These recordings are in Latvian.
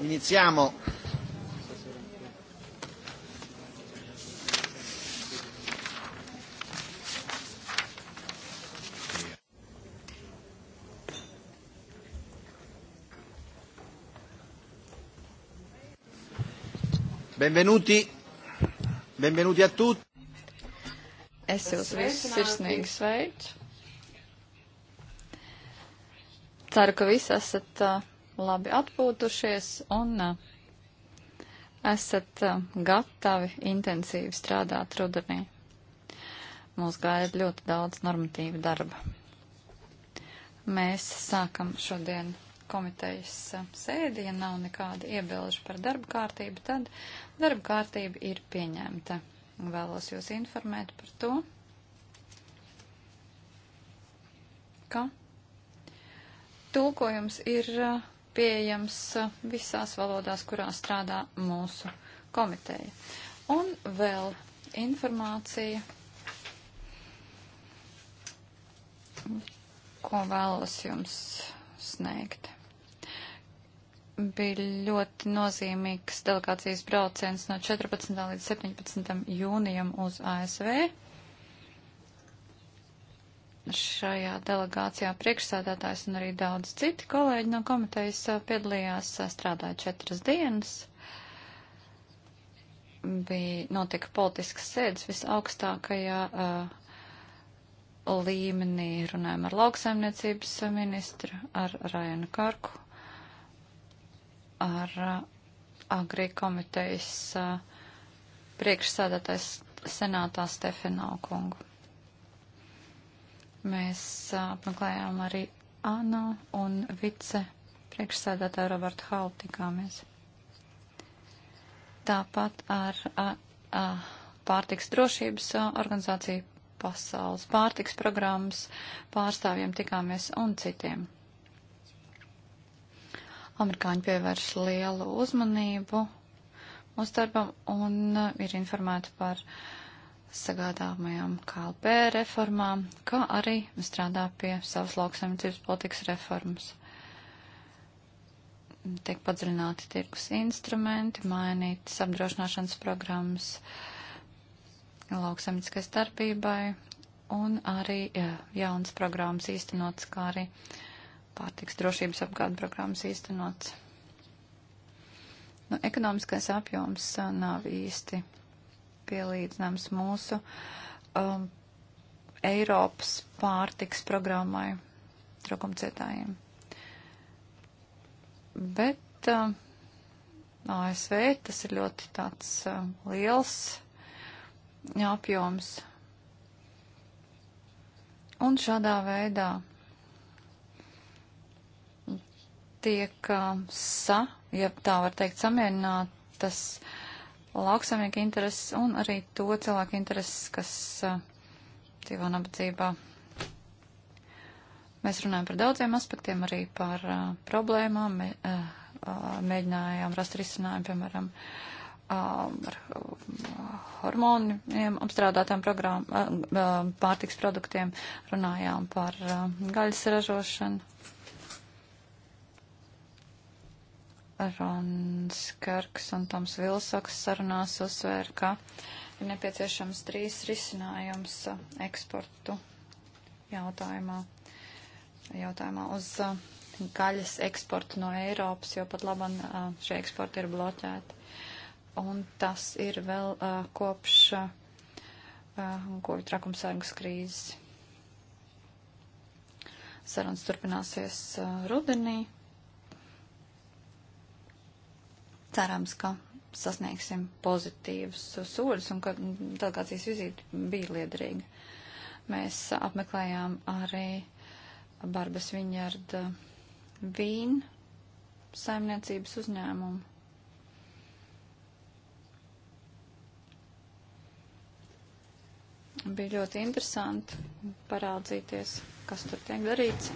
Iniziamo. Benvenuti, benvenuti a tutti. Es jūs visus sirsnīgi sveicu. Ceru, ka visi esat uh, labi atpūtušies un uh, esat uh, gatavi intensīvi strādāt rudenī. Mūs gaida ļoti daudz normatīvu darba. Mēs sākam šodien komitejas uh, sēdi, ja nav nekāda iebilža par darba kārtību, tad darba kārtība ir pieņemta. Vēlos jūs informēt par to, ka tulkojums ir pieejams uh, visās valodās, kurā strādā mūsu komiteja. Un vēl informācija, ko vēlos jums sniegt. Bija ļoti nozīmīgs delegācijas brauciens no 14. līdz 17. jūnijam uz ASV šajā delegācijā priekšsēdētājs un arī daudz citi kolēģi no komitejas uh, piedalījās, uh, strādāja četras dienas. Bija notika politiskas sēdes visaugstākajā uh, līmenī. Runājām ar lauksaimniecības uh, ministru, ar Rajanu Karku, ar uh, Agri komitejas uh, priekšsēdētājs senātā Stefanā Kungu. Mēs apmeklējām arī ANO un vice priekšsēdētāju Robertu Halu tikāmies. Tāpat ar a, a, pārtiks drošības organizāciju pasaules pārtiks programmas pārstāvjiem tikāmies un citiem. Amerikāņi pievērš lielu uzmanību mūsu darbam un ir informēti par uh, sagādāmajām KLP reformām, kā arī strādā pie savas lauksaimniecības politikas reformas. Tiek padziļināti tirgus instrumenti, mainītas apdrošināšanas programmas lauksaimnieciskai starpībai un arī jā, jaunas programmas īstenotas, kā arī pārtiks drošības apgāda programmas īstenotas. Nu, ekonomiskais apjoms nav īsti nepielīdzināms mūsu um, Eiropas pārtiks programmai trūkumcietājiem. Bet uh, um, ASV tas ir ļoti tāds uh, liels apjoms. Un šādā veidā tiek uh, sa, ja tā var teikt, samierinātas. Uh, lauksamnieku intereses un arī to cilvēku intereses, kas uh, dzīvo nabadzībā. Mēs runājam par daudziem aspektiem, arī par uh, problēmām. Mē, uh, eh, mēģinājām rast risinājumu, piemēram, ar hormoniem apstrādātām pārtiks produktiem, runājām par gaļas ražošanu. Rons Kerks un Toms Vilsoks sarunās uzsvēra, ka ir nepieciešams trīs risinājums eksportu jautājumā, jautājumā uz uh, gaļas eksportu no Eiropas, jo pat labam uh, šie eksporti ir bloķēti. Un tas ir vēl uh, kopš uh, kopju trakumsargas krīzes. Sarunas turpināsies uh, rudenī. Cerams, ka sasniegsim pozitīvus soļus un ka delegācijas vizīte bija liederīga. Mēs apmeklējām arī Barbas Viņarda vīnu saimniecības uzņēmumu. Bija ļoti interesanti parādzīties, kas tur tiek darīts.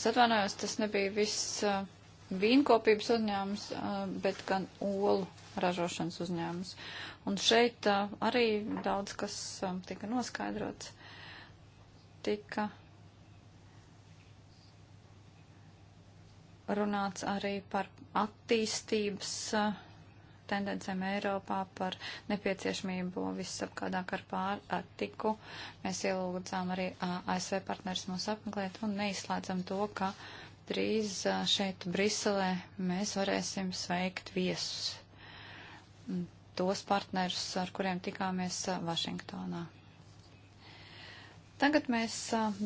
Es atvainojos, tas nebija viss uh, vīnkopības uzņēmums, uh, bet gan olu ražošanas uzņēmums. Un šeit uh, arī daudz kas um, tika noskaidrots. Tika runāts arī par attīstības. Uh, tendencēm Eiropā, par nepieciešamību visapkārtāk ar pārtiku. Mēs ielūdzām arī ASV partneris mūs apmeklēt un neizslēdzam to, ka drīz šeit Briselē mēs varēsim sveikt viesus. Tos partnerus, ar kuriem tikāmies Vašingtonā. Tagad mēs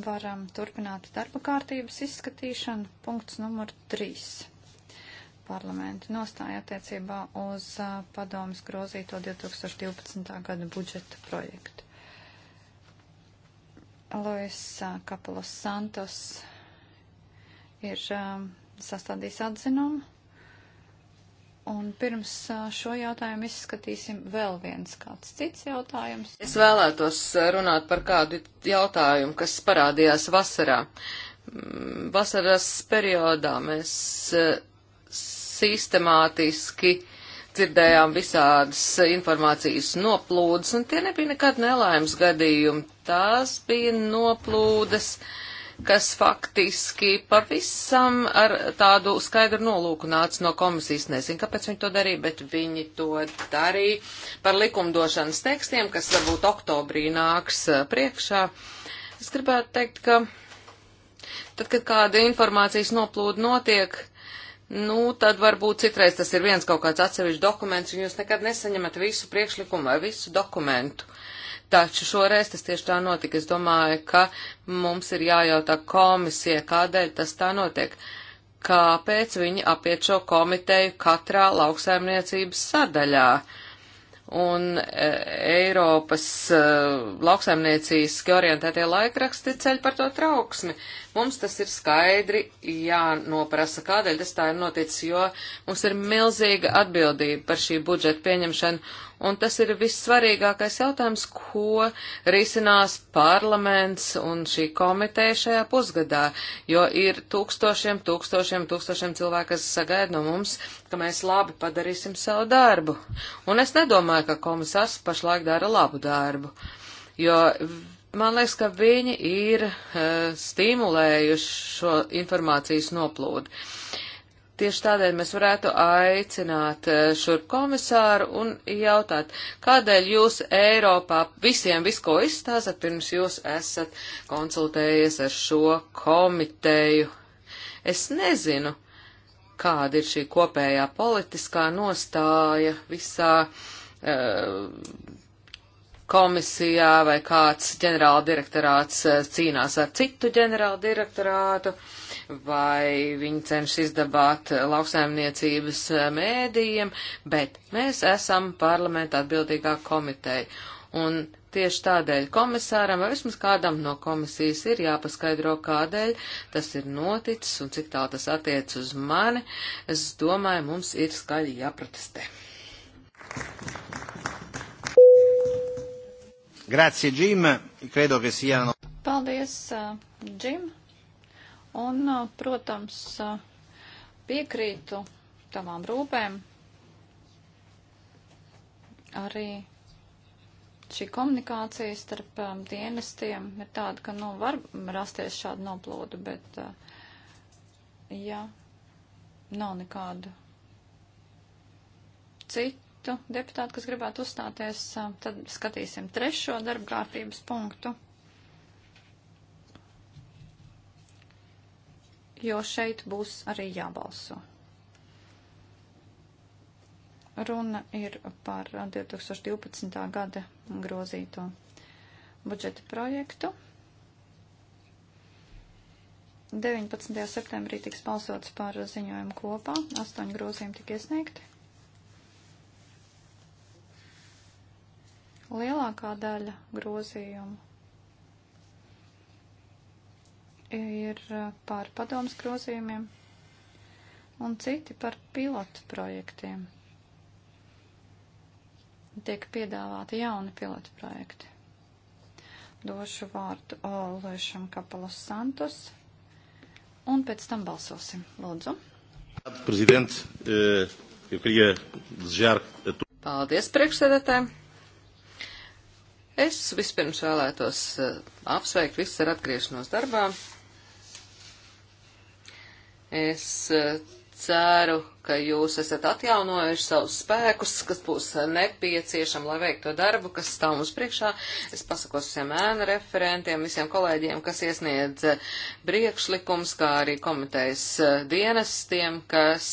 varam turpināt darba kārtības izskatīšanu. Punkts numur 3 parlamenta nostāja attiecībā uz padomas grozīto 2012. gada budžeta projektu. Lois Kapelos Santos ir sastādījis atzinumu. Un pirms šo jautājumu izskatīsim vēl viens kāds cits jautājums. Es vēlētos runāt par kādu jautājumu, kas parādījās vasarā. Mm, vasaras periodā mēs sistemātiski dzirdējām visādas informācijas noplūdes, un tie nebija nekad nelaimes gadījumi. Tās bija noplūdes, kas faktiski pavisam ar tādu skaidru nolūku nāca no komisijas. Nezinu, kāpēc viņi to darīja, bet viņi to darīja par likumdošanas tekstiem, kas varbūt oktobrī nāks eh, priekšā. Es gribētu teikt, ka tad, kad kāda informācijas noplūda notiek, Nu, tad varbūt citreiz tas ir viens kaut kāds atsevišķs dokuments, un jūs nekad nesaņemat visu priekšlikumu vai visu dokumentu. Taču šoreiz tas tieši tā notika. Es domāju, ka mums ir jājautā komisija, kādēļ tas tā notiek. Kāpēc viņi apiet šo komiteju katrā lauksaimniecības sadaļā? Un e, Eiropas e, lauksaimniecīski orientētie laikraksti ceļ par to trauksmi. E, Mums tas ir skaidri jānoprasa, kādēļ tas tā ir noticis, jo mums ir milzīga atbildība par šī budžeta pieņemšanu, un tas ir vissvarīgākais jautājums, ko risinās parlaments un šī komiteja šajā pusgadā, jo ir tūkstošiem, tūkstošiem, tūkstošiem cilvēku, kas sagaida no mums, ka mēs labi padarīsim savu darbu. Un es nedomāju, ka komisārs pašlaik dara labu darbu, jo Man liekas, ka viņi ir uh, stimulējuši šo informācijas noplūdu. Tieši tādēļ mēs varētu aicināt uh, šur komisāru un jautāt, kādēļ jūs Eiropā visiem visko izstāstat, pirms jūs esat konsultējies ar šo komiteju. Es nezinu, kāda ir šī kopējā politiskā nostāja visā. Uh, komisijā vai kāds ģenerāla direktorāts eh, cīnās ar citu ģenerāla direktorātu, vai viņi cenšas izdabāt eh, lauksaimniecības eh, mēdījiem, bet mēs esam parlamenta atbildīgā komiteja. Un tieši tādēļ komisāram vai vismaz kādam no komisijas ir jāpaskaidro, kādēļ tas ir noticis un cik tālu tas attiec uz mani. Es domāju, mums ir skaļi jāprotestē. Grazie, Jim. Credo che siano. Paldies, uh, Jim. Un, uh, protams, uh, piekrītu tavām rūpēm. Arī šī komunikācija starp um, dienestiem ir tāda, ka, nu, var rasties šāda noplūda, bet, uh, ja nav nekādu citu citu deputātu, kas gribētu uzstāties, tad skatīsim trešo darba kārtības punktu. Jo šeit būs arī jābalso. Runa ir par 2012. gada grozīto budžeta projektu. 19. septembrī tiks balsots par ziņojumu kopā, astoņi grozījumi tika iesniegti. Lielākā daļa grozījumu ir e, par padomas grozījumiem un citi par pilotu projektiem. Tiek piedāvāti jauni pilotu projekti. Došu vārdu Olešam Kapalos Santos un pēc tam balsosim. Lūdzu. Eh, Paldies, priekšsēdētāji! Es vispirms vēlētos eh, apsveikt visus ar atgriešanos darbā. Es eh, ceru, ka jūs esat atjaunojuši savus spēkus, kas būs nepieciešami, lai veiktu to darbu, kas stāv mums priekšā. Es pasakos visiem ēna referentiem, visiem kolēģiem, kas iesniedz eh, priekšlikums, kā arī komitejas dienestiem, kas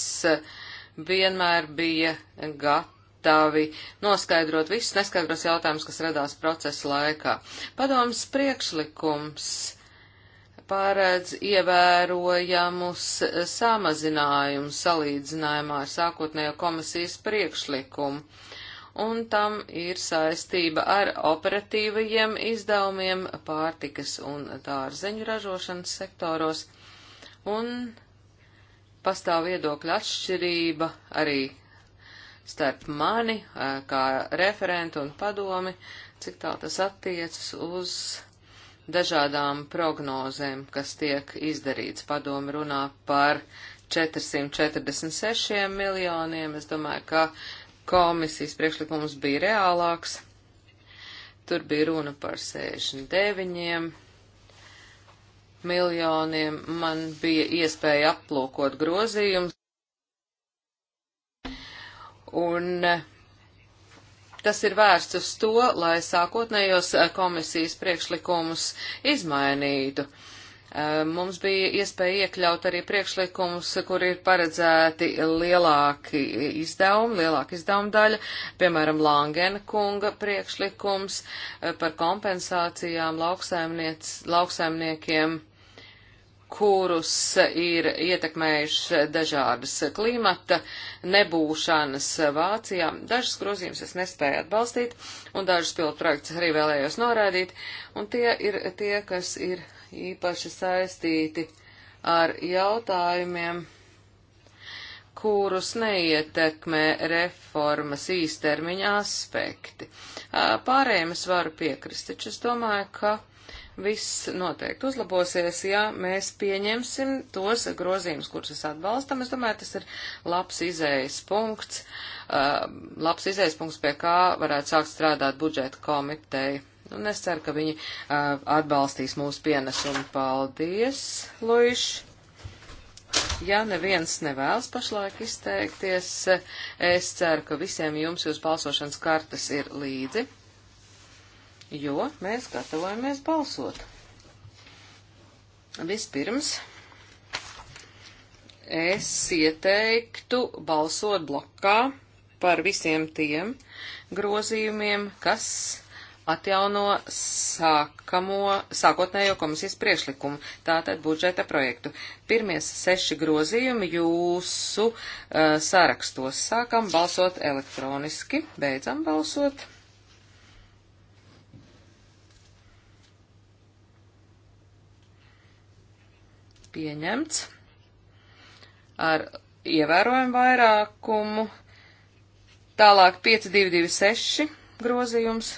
vienmēr bija gatavi gatavi noskaidrot visus neskaidros jautājumus, kas radās procesa laikā. Padoms priekšlikums paredz ievērojamus samazinājumus salīdzinājumā ar sākotnējo komisijas priekšlikumu, un tam ir saistība ar operatīvajiem izdevumiem pārtikas un dārzeņu ražošanas sektoros, un pastāv viedokļa atšķirība arī starp mani kā referentu un padomi, cik tā tas attiecas uz dažādām prognozēm, kas tiek izdarīts. Padomi runā par 446 miljoniem. Es domāju, ka komisijas priekšlikums bija reālāks. Tur bija runa par 69 miljoniem. Man bija iespēja aplūkot grozījumus. Un eh, tas ir vērsts uz to, lai sākotnējos eh, komisijas priekšlikumus izmainītu. Eh, mums bija iespēja iekļaut arī priekšlikumus, kur ir paredzēti lielāki izdevumi, lielāka izdevuma daļa, piemēram, Langena kunga priekšlikums par kompensācijām lauksaimniekiem kurus ir ietekmējuši dažādas klimata nebūšanas Vācijā. Dažas grozījumus es nespēju atbalstīt, un dažas pilotprojektus arī vēlējos norādīt, un tie ir tie, kas ir īpaši saistīti ar jautājumiem, kurus neietekmē reformas īstermiņa aspekti. Pārējiem es varu piekrist, taču es domāju, ka viss noteikti uzlabosies, ja mēs pieņemsim tos grozījumus, kurus es atbalstam. Es domāju, tas ir labs izējas punkts, uh, labs izējas punkts, pie kā varētu sākt strādāt budžeta komiteja. Un es ceru, ka viņi uh, atbalstīs mūsu pienesumu. Paldies, Luiš! Ja neviens nevēlas pašlaik izteikties, es ceru, ka visiem jums jūs balsošanas kartas ir līdzi jo mēs gatavojamies balsot. Vispirms es ieteiktu balsot blokā par visiem tiem grozījumiem, kas atjauno sākamo, sākotnējo komisijas priekšlikumu, tātad budžeta projektu. Pirmies seši grozījumi jūsu uh, sārakstos. Sākam balsot elektroniski, beidzam balsot. pieņemts ar ievērojumu vairākumu. Tālāk 5226 grozījums.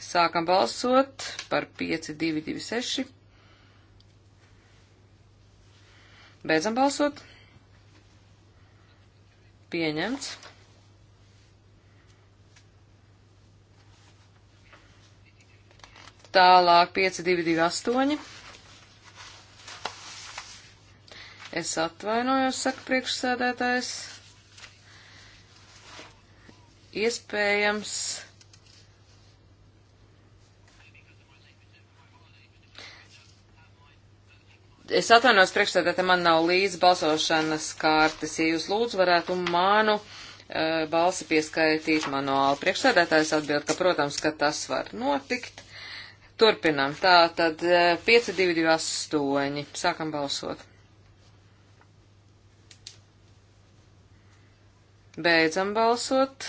Sākam balsot par 5226. Beidzam balsot. Pieņemts. Tālāk 5228. Es atvainojos, saka priekšsēdētājs. Iespējams. Es atvainojos priekšsēdētājai, man nav līdz balsošanas kārtas. Ja jūs lūdzu varētu manu e, balsi pieskaitīt manuāli. Priekšsēdētājs atbild, ka, protams, ka tas var notikt. Turpinam. Tā tad 5, 2, 2, 8. Sākam balsot. Beidzam balsot.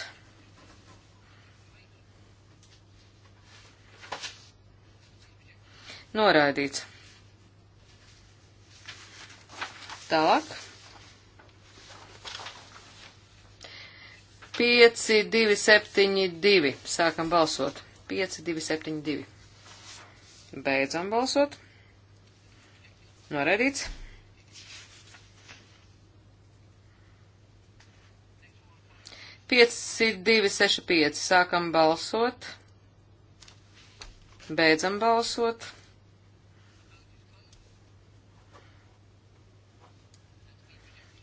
Noraidīts. Tālāk. 5, 2, 7, 2. Sākam balsot. 5, 2, 7, 2. Beidzam balsot. Noraidīts. 5265. Sākam balsot. Beidzam balsot.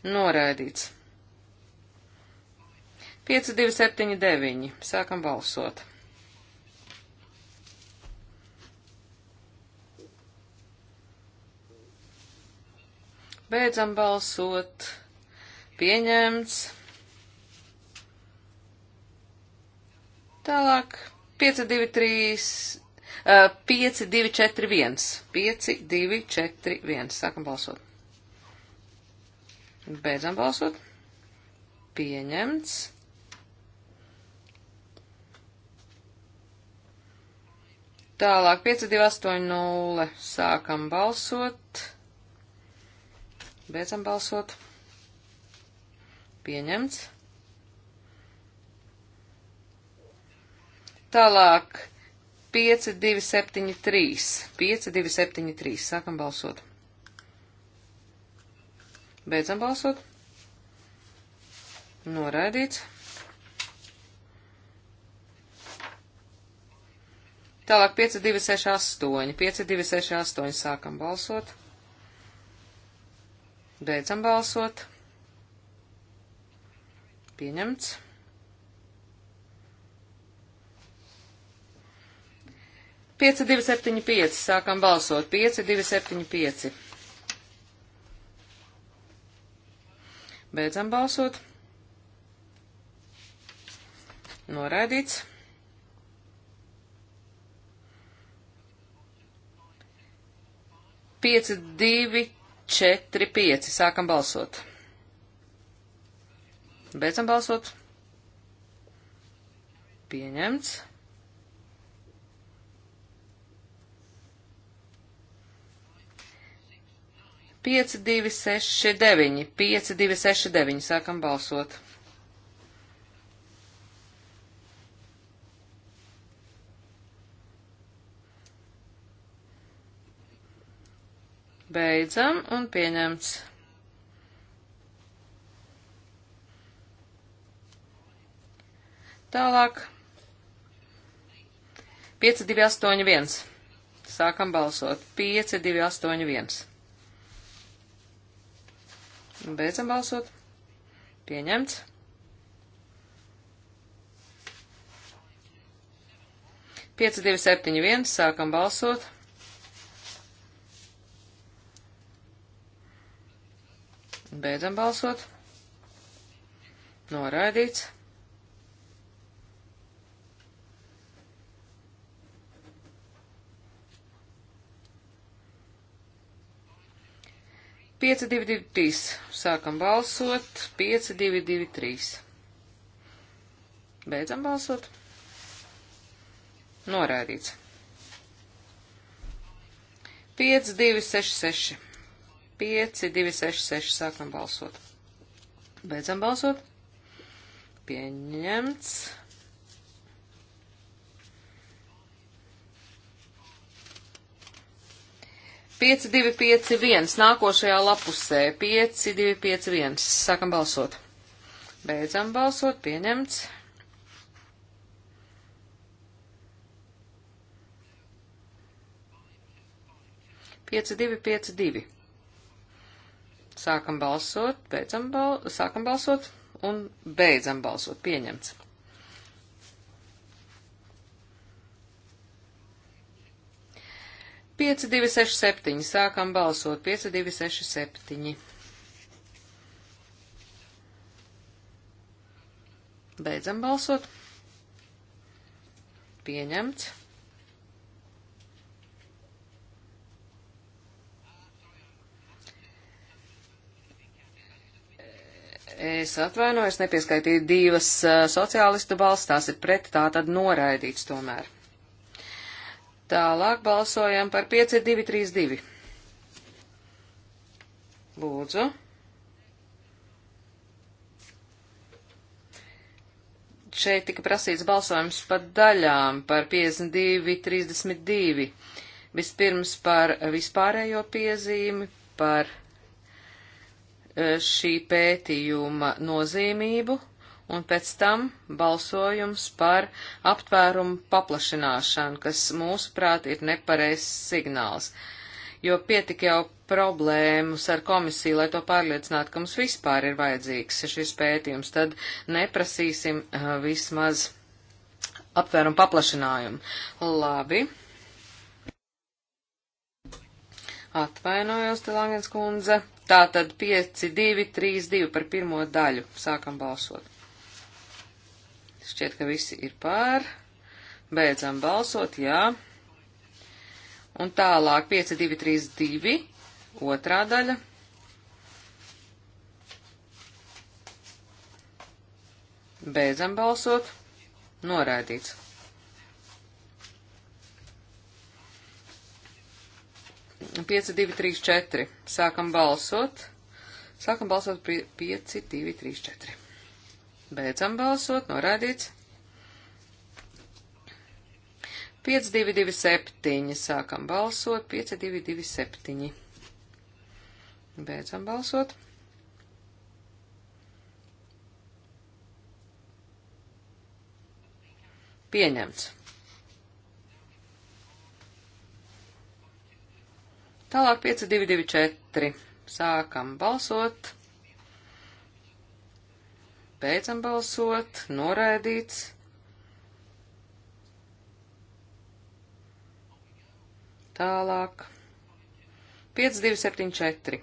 Noraidīts. 5279. Sākam balsot. Beidzam balsot. Pieņemts. Tālāk 5, 2, 3, uh, 5, 2, 4, 1. 5, 2, 4, 1. Sākam balsot. Beidzam balsot. Pieņemts. Tālāk 5280 sākam balsot. Beidzam balsot. Pieņemts. Tālāk 5273. 5273. Sākam balsot. Beidzam balsot. Noraidīts. Tālāk 5268. 5268. Sākam balsot. Beidzam balsot. Pieņemts. 5275. Sākam balsot. 5275. Beidzam balsot. Noraidīts. Pieci, divi, četri, pieci. Sākam balsot. Beidzam balsot. Pieņemts. 5269, 5269, sākam balsot. Beidzam un pieņemts. Tālāk. 5281. Sākam balsot. 5281. Beidzam balsot. Pieņemts. Pieci, divi, septiņi, viens. Sākam balsot. Beidzam balsot. Noraidīts. 5223. Sākam balsot. 5223. Beidzam balsot. Norādīts. 5266. 5266. Sākam balsot. Beidzam balsot. Pieņemts. 5251. Nākošajā lapusē 5251. Sākam balsot. Beidzam balsot. Pieņemts. Pieci, divi, pieci, divi. Sākam balsot, beidzam bal sākam balsot un beidzam balsot. Pieņemts. 5267. Sākam balsot. 5267. Beidzam balsot. Pieņemts. Es atvainojos, nepieskaitīju divas eh, sociālistu balsts, tās ir pret, tā tad noraidīts tomēr. Tālāk balsojam par 5232. Lūdzu. Šeit tika prasīts balsojums par daļām par 5232. Vispirms par vispārējo piezīmi, par eh, šī pētījuma nozīmību un pēc tam balsojums par aptvērumu paplašināšanu, kas mūsuprāt ir nepareizs signāls, jo pietik jau problēmas ar komisiju, lai to pārliecinātu, ka mums vispār ir vajadzīgs šis pētījums, tad neprasīsim uh, vismaz aptvērumu paplašinājumu. Labi. Atvainojos, Telangens kundze. Tātad 5, 2, 3, 2 par pirmo daļu. Sākam balsot. Šķiet, ka visi ir pār. Beidzam balsot, jā. Un tālāk 5, 2, 3, 2, otrā daļa. Beidzam balsot, noraidīts. Pieci, divi, trīs, četri. Sākam balsot. Sākam balsot 5, 2, 3, 4. Beidzam balsot, norādīts. 5227, sākam balsot, 5227. Beidzam balsot. Pieņemts. Tālāk 5224. Sākam balsot. Beidzam balsot. Noraidīts. Tālāk. 5274.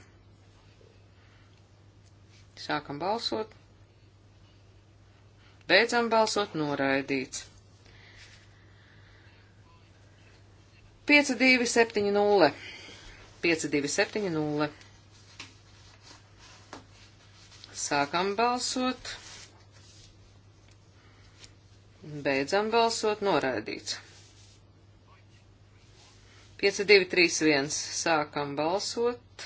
Sākam balsot. Beidzam balsot noraidīts. 5270. 5270. Sākam balsot. Beidzam balsot noraidīts. 5, 2, 3, 1. Sākam balsot.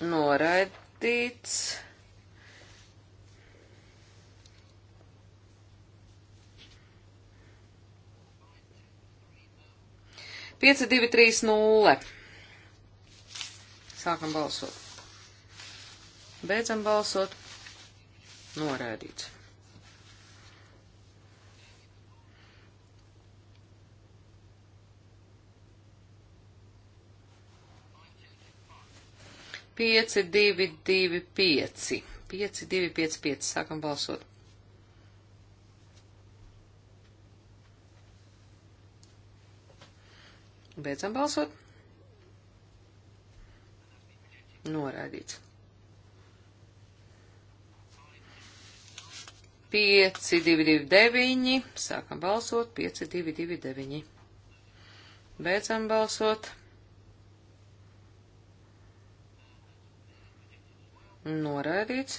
Noraidīts. Pieci, divi, trīs, nulle. Sākam balsot. Beidzam balsot. Norēdīts. 5, 2, 2, 5. 5, 2, 5, 5. Sākam balsot. Beidzam balsot. Noraidīts. 5, 2, 2, 9. Sākam balsot. 5, 2, 2, 9. Beidzam balsot. Noraidīts.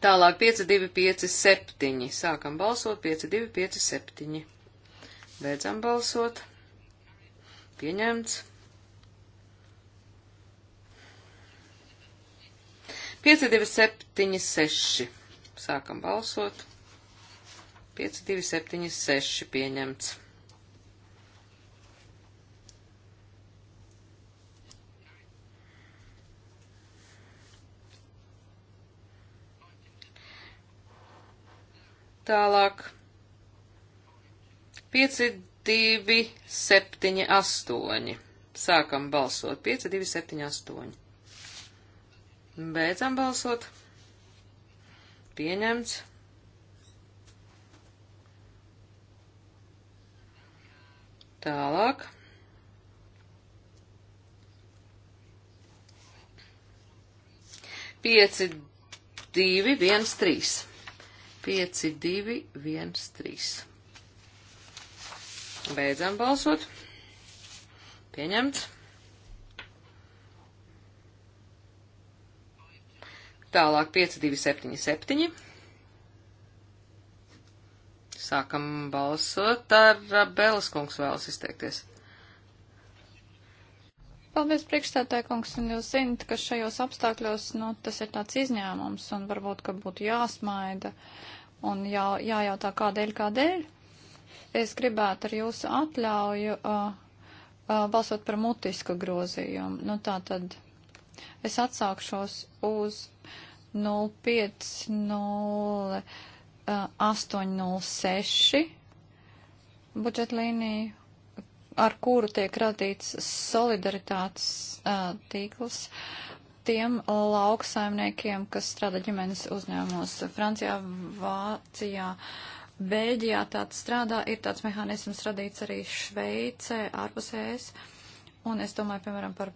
Tālāk 5, 2, 5, 7. Sākam balsot 5, 2, 5, 7. Beidzam balsot. Pieņemts. 5, 2, 7, 6. Sākam balsot. 5, 2, 7, 6. Pieņemts. Tālāk. 5, 2, 7, 8. Sākam balsot. 5, 2, 7, 8. Beidzam balsot. Pieņemts. Tālāk. Pieci, divi, viens, trīs. 5, 2, 1, 3. Beidzam balsot. Pieņemts. Tālāk 5, 2, 7, 7. Sākam balsot. Arabēlas kungs vēlas izteikties. Paldies, priekšstādāja kungs, un jūs zinat, ka šajos apstākļos, nu, tas ir tāds izņēmums, un varbūt, ka būtu jāsmaida. Uh, Un jā, jājautā, kādēļ, kādēļ. Es gribētu ar jūsu atļauju uh, uh, balsot par mutisku grozījumu. Nu, tā tad es atsākšos uz 0500806 budžetlīniju, ar kuru tiek radīts solidaritātes uh, tīkls. Uh, tiem uh, lauksaimniekiem, kas strādā ģimenes uzņēmumos Francijā, Vācijā, Bēļģijā tāds strādā, ir tāds mehānisms radīts arī Šveicē, ārpusēs, e un es domāju, piemēram, par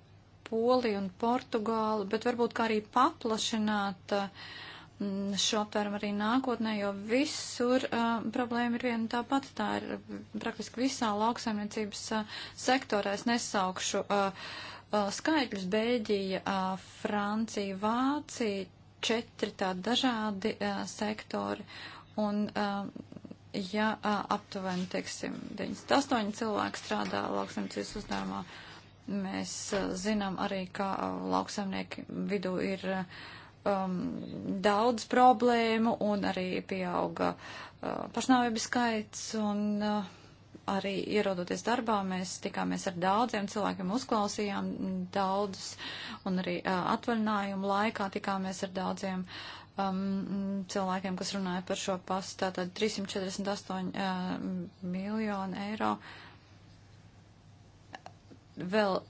Poliju un Portugālu, bet varbūt kā arī paplašināt mm, šo aptvērumu arī nākotnē, jo visur uh, problēma ir viena tā pati, tā ir praktiski visā lauksaimniecības uh, sektorā, es nesaukšu. Uh, skaitļus Bēģija, Francija, Vācija, četri tādi dažādi sektori. Un, ja aptuveni, teiksim, 98 cilvēki strādā lauksaimniecības uzņēmumā, mēs zinām arī, ka lauksaimnieki vidū ir um, daudz problēmu un arī pieauga uh, pašnāvības skaits. Un, uh, arī ierodoties darbā, mēs tikāmies ar daudziem cilvēkiem, uzklausījām daudzus, un arī uh, atvaļinājumu laikā tikāmies ar daudziem um, cilvēkiem, kas runāja par šo pasu. Tātad 348 uh, miljonu eiro vēl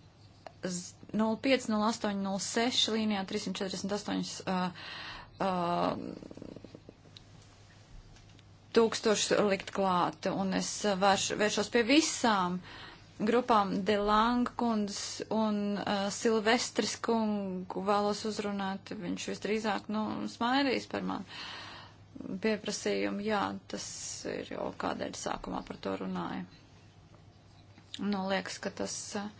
05, 08, 06 līnijā 348. Uh, uh, tūkstošus likt klāt. Un es vērš, vēršos pie visām grupām De Langkunds un uh, Silvestris kungu vēlos uzrunāt. Viņš visdrīzāk, nu, smairīs par mani pieprasījumu. Jā, tas ir jau kādēļ sākumā par to runāju. Nu, liekas, ka tas eh,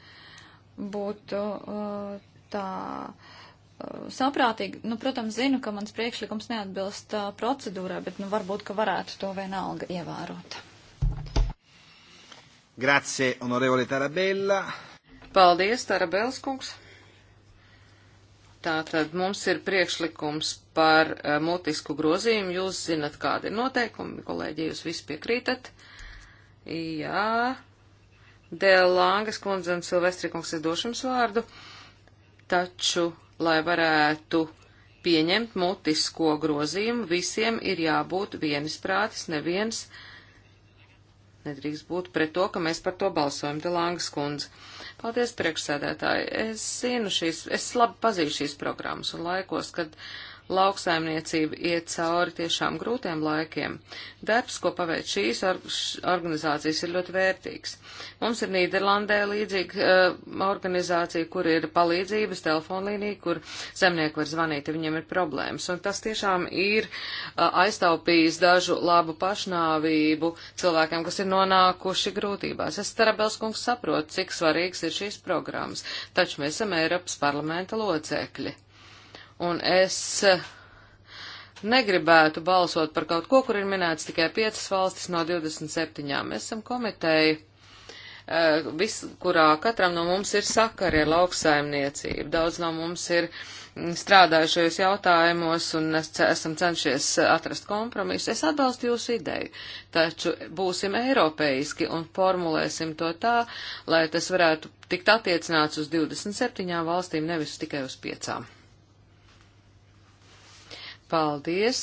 būtu uh, tā. Uh, saprātīgi, nu, protams, zinu, ka mans priekšlikums neatbilst uh, procedūrai, bet, nu, varbūt, ka varētu to vienalga ievērot. Grazie, onorevole Tarabella. Paldies, Tarabels kungs. Tātad mums ir priekšlikums par uh, mutisku grozījumu. Jūs zinat, kāda ir noteikumi, kolēģi, jūs visi piekrītat. Jā. Dēl Lāngas kundze un Silvestri kungs ir došams vārdu, taču lai varētu pieņemt mutisko grozījumu, visiem ir jābūt vienisprātis, neviens nedrīkst būt pret to, ka mēs par to balsojam, te Langas kundze. Paldies, priekšsēdētāji. Es zinu šīs, es labi pazīšu šīs programmas un laikos, kad uh, lauksaimniecība iet cauri tiešām grūtiem laikiem. Darbs, ko paveic šīs or organizācijas, ir ļoti vērtīgs. Mums ir Nīderlandē līdzīga uh, organizācija, kur ir palīdzības telefonlīnija, kur zemnieki var zvanīt, ja viņiem ir problēmas. Un tas tiešām ir uh, aiztaupījis dažu labu pašnāvību cilvēkiem, kas ir nonākuši grūtībās. Es Tarabelskungs saprotu, cik svarīgs ir šīs programmas, taču mēs esam Eiropas parlamenta locekļi. Un es eh, negribētu balsot par kaut ko, kur ir minēts tikai 5 valstis no 27. Mēs esam komiteja, eh, vis, kurā katram no mums ir sakari ar lauksaimniecību. Daudz no mums ir mm, strādājušajos jautājumos un esam cenšies eh, atrast kompromisu. Es atbalstu jūsu ideju, taču būsim eiropeiski un formulēsim to tā, lai tas varētu tikt attiecināts uz 27 valstīm, nevis tikai uz 5. Paldies,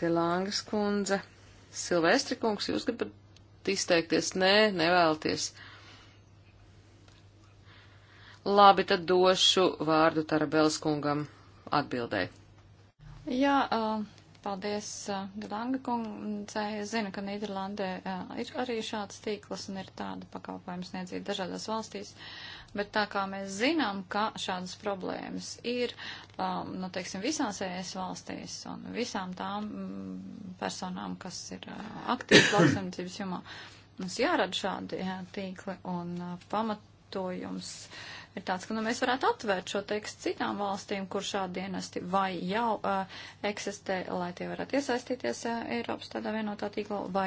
Telāngas kundze. Silvestri kungs, jūs gribat izteikties? Nē, nevēlties. Labi, tad došu vārdu Tarabels kungam atbildēji. Jā, uh, paldies uh, Dilanga kundzei. Es zinu, ka Nīderlandē uh, ir arī šāds tīkls un ir tāda pakalpojums sniedzīt dažādās valstīs. Uh, Bet tā kā mēs zinām, ka šādas problēmas ir, um, nu, teiksim, visās ES valstīs un visām tām mm, personām, kas ir uh, aktīvas lauksaimniecības jomā, mums jārada šādi jā, tīkli un uh, pamatojums. Uh, ir tāds, ka nu, mēs varētu atvērt šo tekstu citām valstīm, kur šādi dienesti vai jau uh, eksistē, lai tie varētu iesaistīties uh, Eiropas tādā vienotā tīklā, vai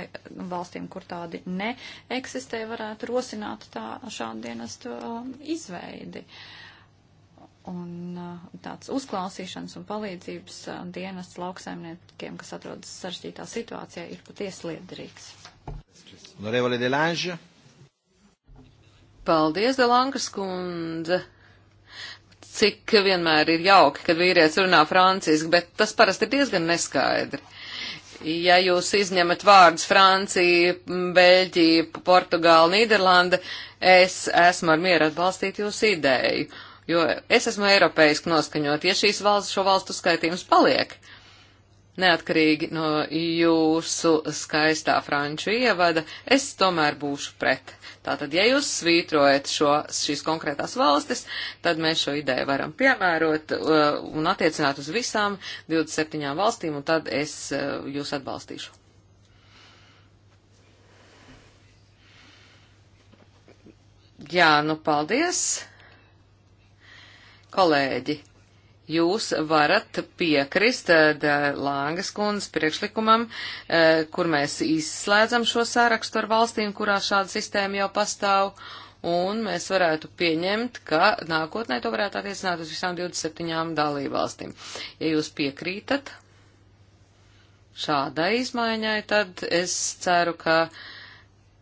valstīm, kur tādi neeksistē, varētu rosināt tā, šādu dienestu uh, izveidi. Un uh, tāds uzklausīšanas un palīdzības uh, dienests lauksaimniekiem, kas atrodas sarežģītā situācijā, ir patiesi liederīgs. Norevole Delange. Paldies, Delankas kundze! Cik vienmēr ir jauki, kad vīrietis runā franciski, bet tas parasti ir diezgan neskaidri. Ja jūs izņemat vārdus Francija, Beļģija, Portugāla, Nīderlanda, es esmu ar mieru atbalstīt jūsu ideju, jo es esmu eiropeiski noskaņot, ja šīs valsts šo valstu skaitījums paliek. Uh, Neatkarīgi no jūsu skaistā franču ievada, es tomēr būšu pret. Tātad, ja jūs svītrojat šo, šīs konkrētās valstis, tad mēs šo ideju varam piemērot uh, un attiecināt uz visām 27 valstīm, un tad es uh, jūs atbalstīšu. Jā, nu paldies, kolēģi! jūs varat piekrist eh, Lāngas kundas priekšlikumam, eh, kur mēs izslēdzam šo sārakstu ar valstīm, kurā šāda sistēma jau pastāv, un mēs varētu pieņemt, ka nākotnē to varētu attiecināt uz visām 27 dalībvalstīm. Ja jūs piekrītat šādai izmaiņai, tad es ceru, ka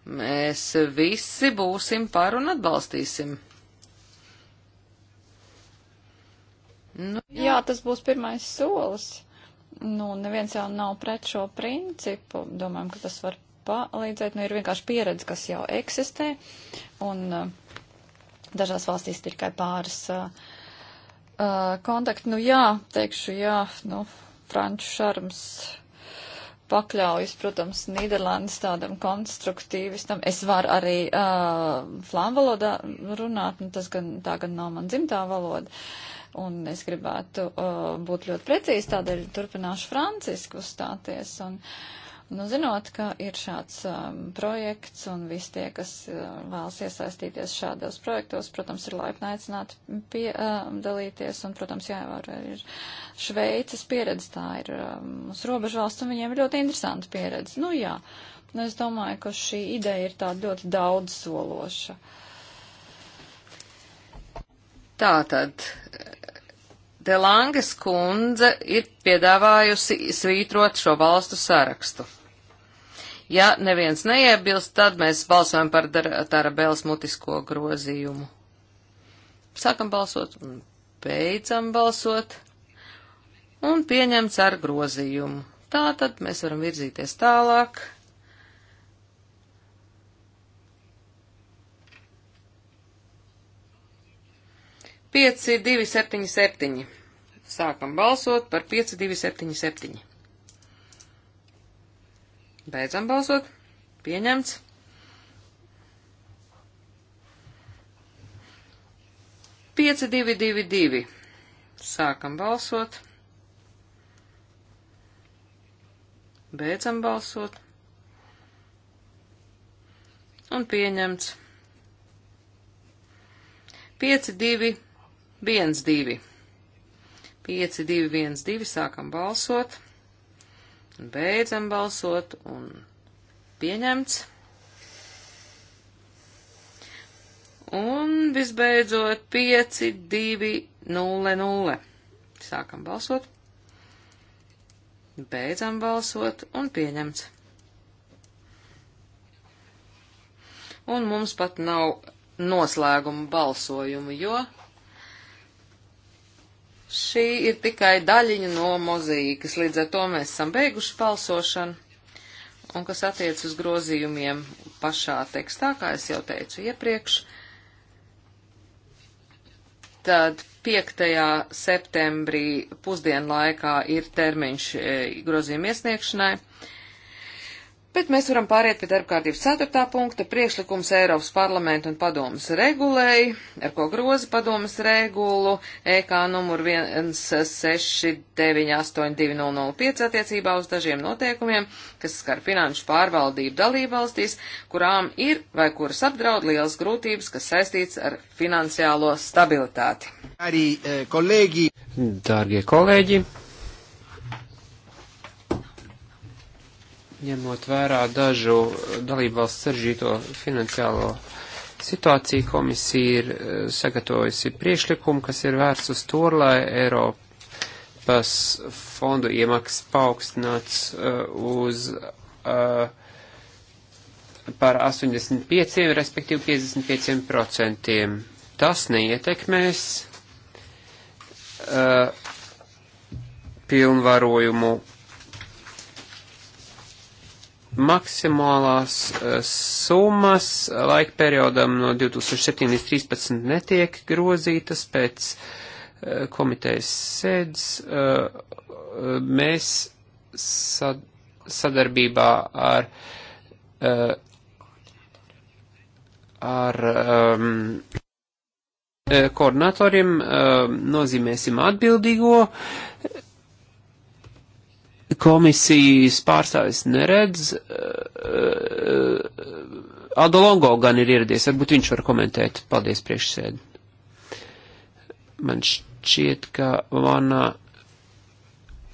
mēs visi būsim par un atbalstīsim Nu, jā. jā, tas būs pirmais solis. Nu, neviens jau nav pret šo principu. Domājam, ka tas var palīdzēt. Nu, ir vienkārši pieredze, kas jau eksistē. Un uh, dažās valstīs ir tikai pāris uh, uh kontakti. Nu, jā, teikšu, jā, nu, franču šarms pakļaujas, protams, Nīderlandes tādam konstruktīvistam. Es varu arī uh, flāmvalodā runāt, nu tas gan tā gan nav man dzimtā valoda, Un es gribētu uh, būt ļoti precīzi, tādēļ turpināšu francisku stāties. Un, nu, zinot, ka ir šāds um, projekts un visi tie, kas uh, vēlas iesaistīties šādos projektos, protams, ir laipni aicināti piedalīties. Um, uh, un, protams, jāievēro ir Šveices pieredze, tā ir um, mūsu robežvalsts, un viņiem ir ļoti interesanta pieredze. Nu, jā. Nu, es domāju, ka šī ideja ir tāda ļoti daudz sološa. Tātad Delanges kundze ir piedāvājusi svītrot šo valstu sarakstu. Ja neviens neiebilst, tad mēs balsojam par Tarabēlas mutisko grozījumu. Sākam balsot un beidzam balsot un pieņemts ar grozījumu. Tā tad mēs varam virzīties tālāk. 5277. Sākam balsot par 5277. Beidzam balsot. Pieņemts. Pieci, divi, divi, divi. Sākam balsot. Beidzam balsot. Un pieņemts. Pieci, divi, divi. 1, 2. 5, 2, 1, 2. Sākam balsot. Beidzam balsot un pieņemts. Un visbeidzot 5, 2, 0, 0. Sākam balsot. Beidzam balsot un pieņemts. Un mums pat nav noslēguma balsojumu, jo Šī ir tikai daļiņa no mozaīkas, līdz ar to mēs esam beiguši balsošanu. Un kas attiec uz grozījumiem pašā tekstā, kā es jau teicu iepriekš, tad 5. septembrī pusdienlaikā ir termiņš eh, grozījuma iesniegšanai. Uh, Bet mēs varam pāriet pie darbkārtības 4. punkta priekšlikums Eiropas parlamentu un padomas regulēji, ar ko groza padomas regulu EK numur 1698205 attiecībā uz dažiem noteikumiem, kas skar finanšu pārvaldību dalībvalstīs, kurām ir vai kuras apdraud lielas grūtības, kas saistīts ar finansiālo stabilitāti. Arī eh, kolēģi. Dārgie kolēģi. ņemot vērā dažu dalībvalstu saržīto finansiālo situāciju, komisija ir eh, sagatavojusi priekšlikumu, kas ir vērsts uz to, lai Eiropas fondu iemaksas paaugstināts uh, uz uh, par 85, respektīvi 55 procentiem. Tas neietekmēs uh, pilnvarojumu maksimālās eh, summas laika periodam no 2007 līdz 2013 netiek grozītas pēc eh, komitejas sēdes. Eh, mēs sadarbībā ar, ar um, koordinatoriem nozīmēsim atbildīgo Komisijas pārstāvis neredz, eh, eh, Aldo Longo gan ir ieradies, varbūt viņš var komentēt. Paldies priekšsēdi. Man šķiet, ka manā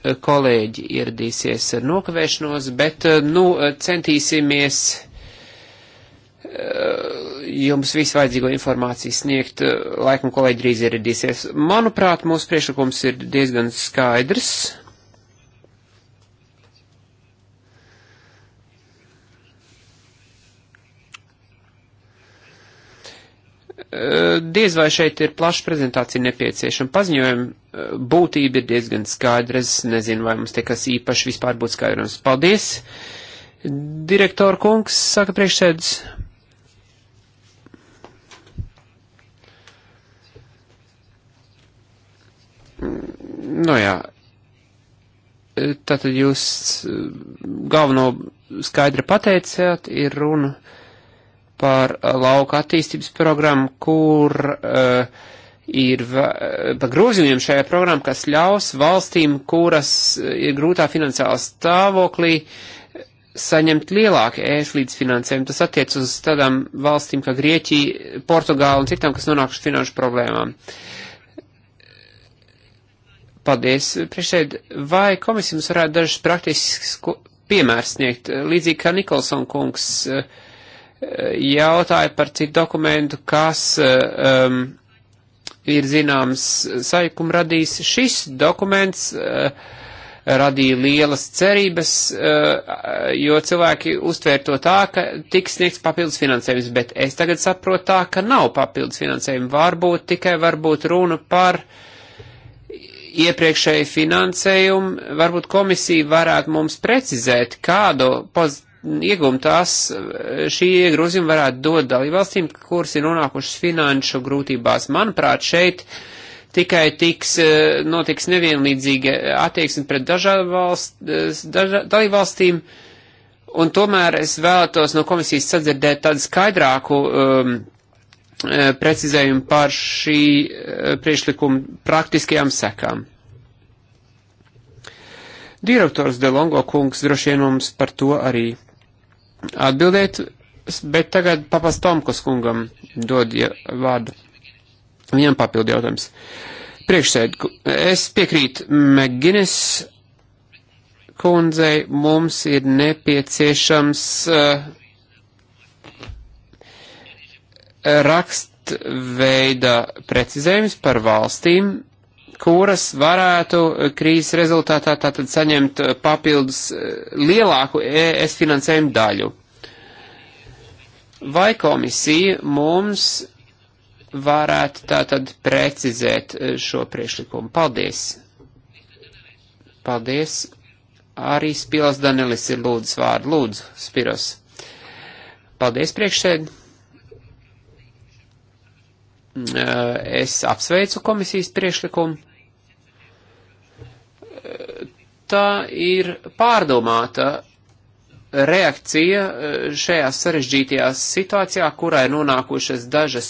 eh, kolēģi ieradīsies ar nokavēšanos, bet, nu, centīsimies jums visu vajadzīgo informāciju sniegt, laikam kolēģi drīz ieradīsies. Manuprāt, mūsu priešlikums ir diezgan skaidrs. Eh, diez vai šeit ir plaša prezentācija nepieciešama. Paziņojuma eh, būtība ir diezgan skaidra. Es nezinu, vai mums te kas īpaši vispār būtu skaidrums. Paldies! Direktora kungs saka priekšsēdus. Nu jā, eh, tātad jūs galveno skaidri pateicāt, ir runa par eh, lauka attīstības programmu, kur uh, ir eh, pa grozījumiem šajā programmā, kas ļaus valstīm, kuras ir grūtā finansiālā stāvoklī, saņemt lielāku ēst līdzfinansējumu. Tas attiec uz tādām valstīm kā Grieķija, Portugāla un citām, kas nonākuši finanšu problēmām. Paldies. Priekšēd, vai komisija mums varētu dažas praktiskas piemērs sniegt, līdzīgi kā Nikolson kungs uh, jautāja par citu dokumentu, kas um, ir zināms saikumu radījis. Šis dokuments uh, radīja lielas cerības, uh, jo cilvēki uztvēr to tā, ka tiks sniegts papildus finansējums, bet es tagad saprotu tā, ka nav papildus finansējuma. Varbūt tikai varbūt runa par iepriekšēju finansējumu, varbūt komisija varētu mums precizēt, kādu pozitīvu iegūm tās, šī iegrozījuma varētu dot dalībvalstīm, kuras ir nonākušas finanšu grūtībās. Manuprāt, šeit tikai tiks, eh, notiks nevienlīdzīga attieksme pret valst, eh, daža, dalībvalstīm, un tomēr es vēlētos no komisijas sadzirdēt tādu skaidrāku um, eh, precizējumu par šī priešlikuma praktiskajām sekām. Direktors Delongo kungs droši vien mums par to arī atbildēt, bet tagad papas Tomkos kungam dod ja, vārdu. Viņam papildi jautājums. Priekšsēd, es piekrītu Meginis kundzei, mums ir nepieciešams uh, eh, rakstveida precizējums par valstīm, kuras varētu eh, krīzes rezultātā tātad saņemt eh, papildus eh, lielāku ES finansējumu daļu. Vai komisija mums varētu tātad precizēt šo priekšlikumu? Paldies! Paldies! Arī Spilas Danelis ir lūdzu vārdu. Lūdzu, Spiros! Paldies priekšsēdētājiem! Mm, es apsveicu komisijas priekšlikumu tā ir pārdomāta reakcija eh, šajā sarežģītajā situācijā, kurā ir nonākušas dažas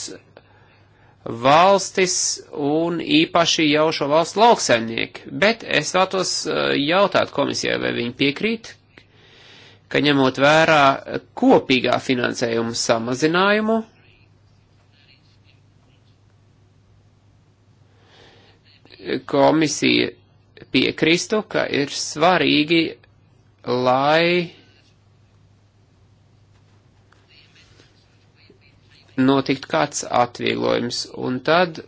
valstis un īpaši jau šo valstu lauksaimnieki. Bet es vēlos eh, jautāt komisijai, vai viņi piekrīt, ka ņemot vērā kopīgā finansējuma samazinājumu, komisija piekrīstu, ka ir svarīgi, lai notikt kāds atvieglojums. Un tad e,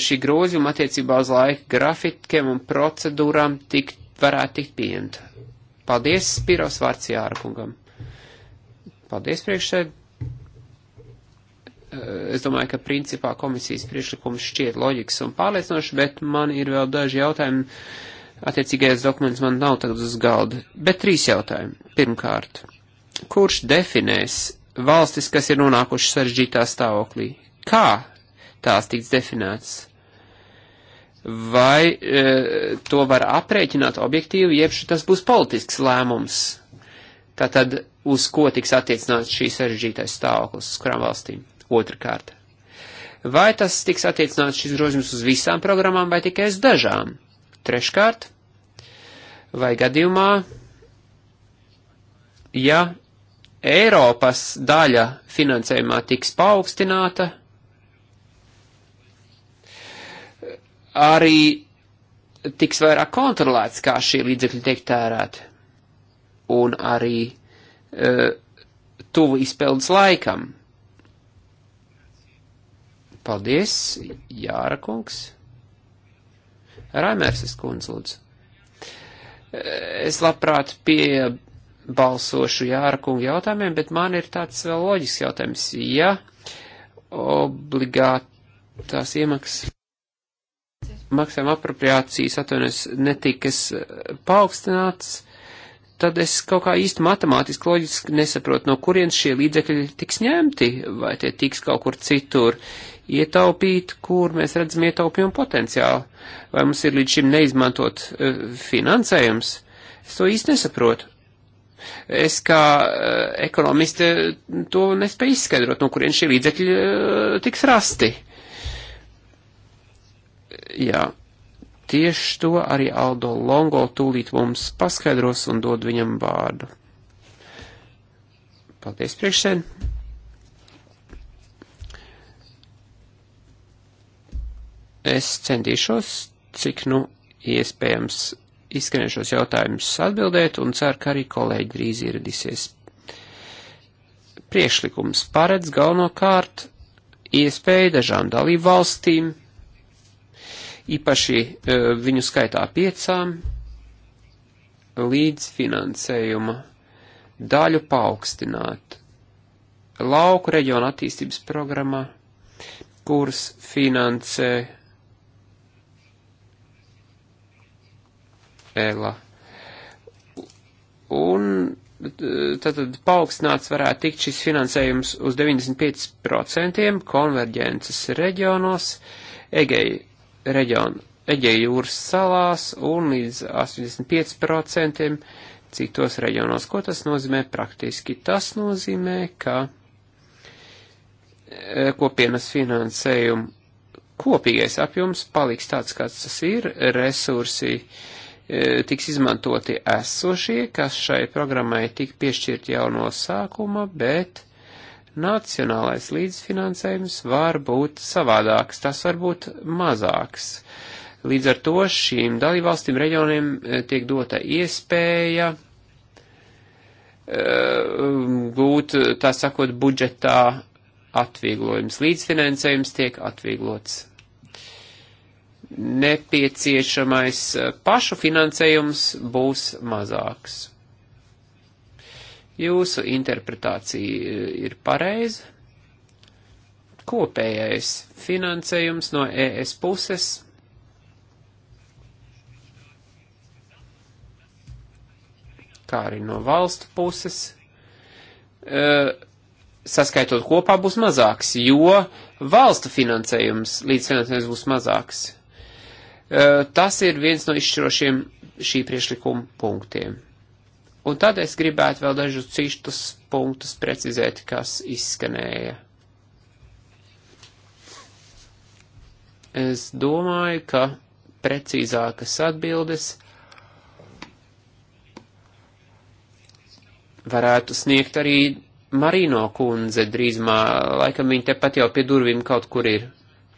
šī grozījuma attiecībā uz laika grafikiem un procedūrām tik, varētu tikt pieņemta. Paldies, Spiros Vārts Jārkungam. Paldies, priekšsēd. Eh, es domāju, ka principā komisijas priešlikums šķiet loģisks un pārliecinošs, bet man ir vēl daži jautājumi. Attiecīgais dokuments man nav tagad uz galda, bet trīs jautājumi. Pirmkārt, kurš definēs valstis, kas ir nonākušas sarežģītā stāvoklī? Kā tās tiks definētas? Vai e, to var aprēķināt objektīvi, jeb tas būs politisks lēmums? Tātad, uz ko tiks attiecināts šī sarežģītais stāvoklis, uz kurām valstīm? Otrakārt, vai tas tiks attiecināts šis grozījums uz visām programmām vai tikai uz dažām? Treškārt, vai gadījumā, ja Eiropas daļa finansējumā tiks paaugstināta, arī tiks vairāk kontrolēts, kā šie līdzekļi tiek tērēti, un arī e, tuvu izpildes laikam. Paldies, Jāra kungs. Raimērsis kundz, lūdzu. Es labprāt pie balsošu Jāra kungu jautājumiem, bet man ir tāds vēl loģisks jautājums. Ja obligātās iemaksas maksājuma apropriācijas atvainojas netikas paaugstināts, tad es kaut kā īsti matemātiski loģiski nesaprotu, no kurienes šie līdzekļi tiks ņemti, vai tie tiks kaut kur citur ietaupīt, kur mēs redzam ietaupījumu potenciālu. Vai mums ir līdz šim neizmantot uh, finansējums? Es to īsti nesaprotu. Es kā uh, ekonomiste eh, to nespēju izskaidrot, no kurien šie līdzekļi uh, tiks rasti. Jā, tieši to arī Aldo Longo tūlīt mums paskaidros un dod viņam vārdu. Paldies priekšsēdētājiem! Es centīšos, cik nu iespējams izskanējušos jautājumus atbildēt un ceru, ka arī kolēģi drīz ieradīsies. Priekšlikums paredz galvenokārt iespēju dažām dalību valstīm, īpaši e, viņu skaitā piecām, līdz finansējuma daļu paaugstināt lauku reģionu attīstības programmā, kuras finansē Ela. Un tātad paaugstināts varētu tikt šis finansējums uz 95% konverģences reģionos, Egeja reģionu, Egeja jūras salās un līdz 85% citos reģionos. Ko tas nozīmē praktiski? Tas nozīmē, ka e, kopienas finansējumu kopīgais apjoms paliks tāds, kāds tas ir, resursi uh, E, tiks izmantoti esošie, kas šai programmai tika piešķirti jau no sākuma, bet nacionālais līdzfinansējums var būt savādāks, tas var būt mazāks. Līdz ar to šīm dalībvalstīm reģioniem e, tiek dota iespēja e, um, gūt, tā sakot, budžetā atvieglojums. Līdzfinansējums tiek atvieglots nepieciešamais eh, pašu finansējums būs mazāks. Jūsu interpretācija eh, ir pareiza. Kopējais finansējums no ES puses kā arī no valstu puses, eh, saskaitot kopā būs mazāks, jo valstu finansējums, līdzfinansējums būs mazāks. Tas ir viens no izšķirošiem šī priešlikuma punktiem. Un tad es gribētu vēl dažus cištus punktus precizēt, kas izskanēja. Es domāju, ka precīzākas atbildes varētu sniegt arī Marino kundze drīzumā, laikam viņa tepat jau pie durvīm kaut kur ir.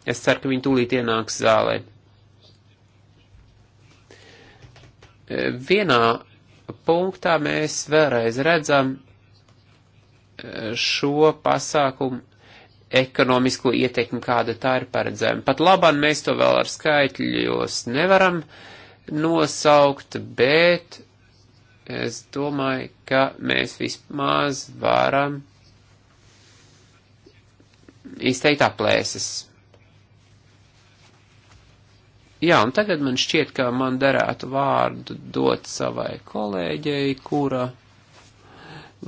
Es ceru, ka viņa tūlīt ienāks zālē. Vienā punktā mēs vēlreiz redzam eh, šo pasākumu ekonomisko ietekmi, kāda tā ir paredzēma. Pat labāk mēs to vēl ar skaitļos nevaram nosaukt, bet es domāju, ka mēs vismaz varam izteikt aplēses. Jā, un tagad man šķiet, ka man derētu vārdu dot savai kolēģei, kura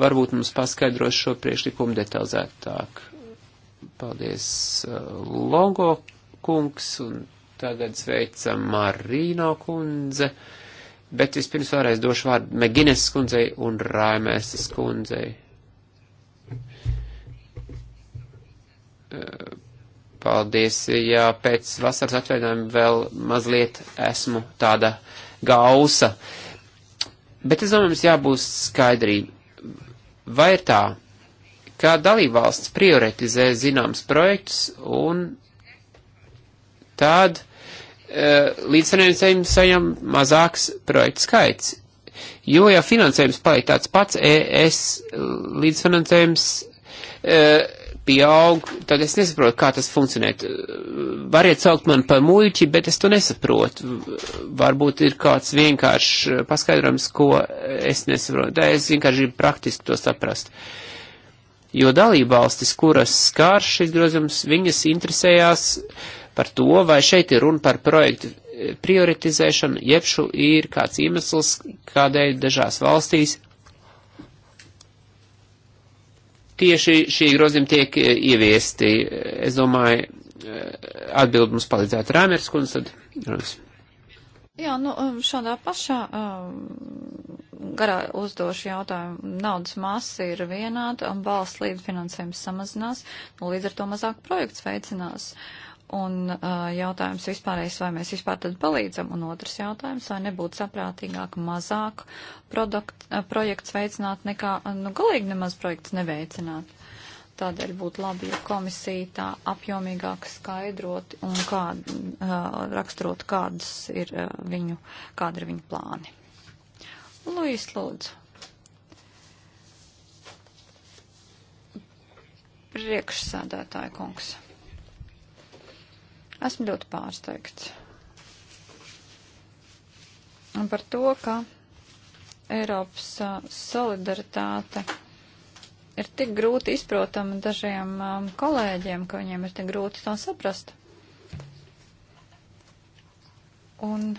varbūt mums paskaidros šo priekšlikumu detalizētāk. Paldies, uh, Logo kungs, un tagad sveicam Marīno kundze, bet vispirms vēlreiz došu vārdu Megines kundzei un Raimēsas kundzei. Uh, Paldies, ja pēc vasaras atvaļinājuma vēl mazliet esmu tāda gausa. Bet es domāju, mums jābūt skaidrība. Vai ir tā, ka dalībvalsts prioritizē zināms projekts un tad e, līdzfinansējums saņem mazāks projektu skaits? Jo, ja finansējums paliek tāds pats, ES līdzfinansējums. E, pieaug, tad es nesaprotu, kā tas funkcionē. Variet saukt man par muļķi, bet es to nesaprotu. Varbūt ir kāds vienkāršs eh, paskaidrojums, ko es nesaprotu. Tā es vienkārši gribu praktiski to saprast. Jo dalībvalstis, kuras skār šis grozījums, viņas interesējās par to, vai šeit ir runa par projektu eh, prioritizēšanu, jeb šu ir kāds iemesls, kādēļ dažās valstīs tieši šī grozījuma tiek e, ieviesti. Es domāju, e, atbild mums palīdzētu Rāmers kundze, tad runas. Jā, nu e, šādā pašā um, garā uzdošu jautājumu. Naudas masa ir vienāda un valsts līdzfinansējums samazinās, nu līdz ar to mazāk projekts veicinās. Uh, un uh, jautājums vispārējais, vai mēs vispār tad palīdzam, un otrs jautājums, vai nebūtu saprātīgāk mazāk produkt, uh, projekts veicināt nekā, nu, galīgi nemaz projekts neveicināt. Tādēļ būtu labi, ja komisija tā apjomīgāk skaidrot un kā, uh, raksturot, kādas ir uh, viņu, kāda ir viņu plāni. Luis, lūdzu. Priekšsēdētāja kungs. Esmu ļoti pārsteigts. Un par to, ka Eiropas solidaritāte ir tik grūti izprotama dažiem um, kolēģiem, ka viņiem ir tik grūti to saprast. Un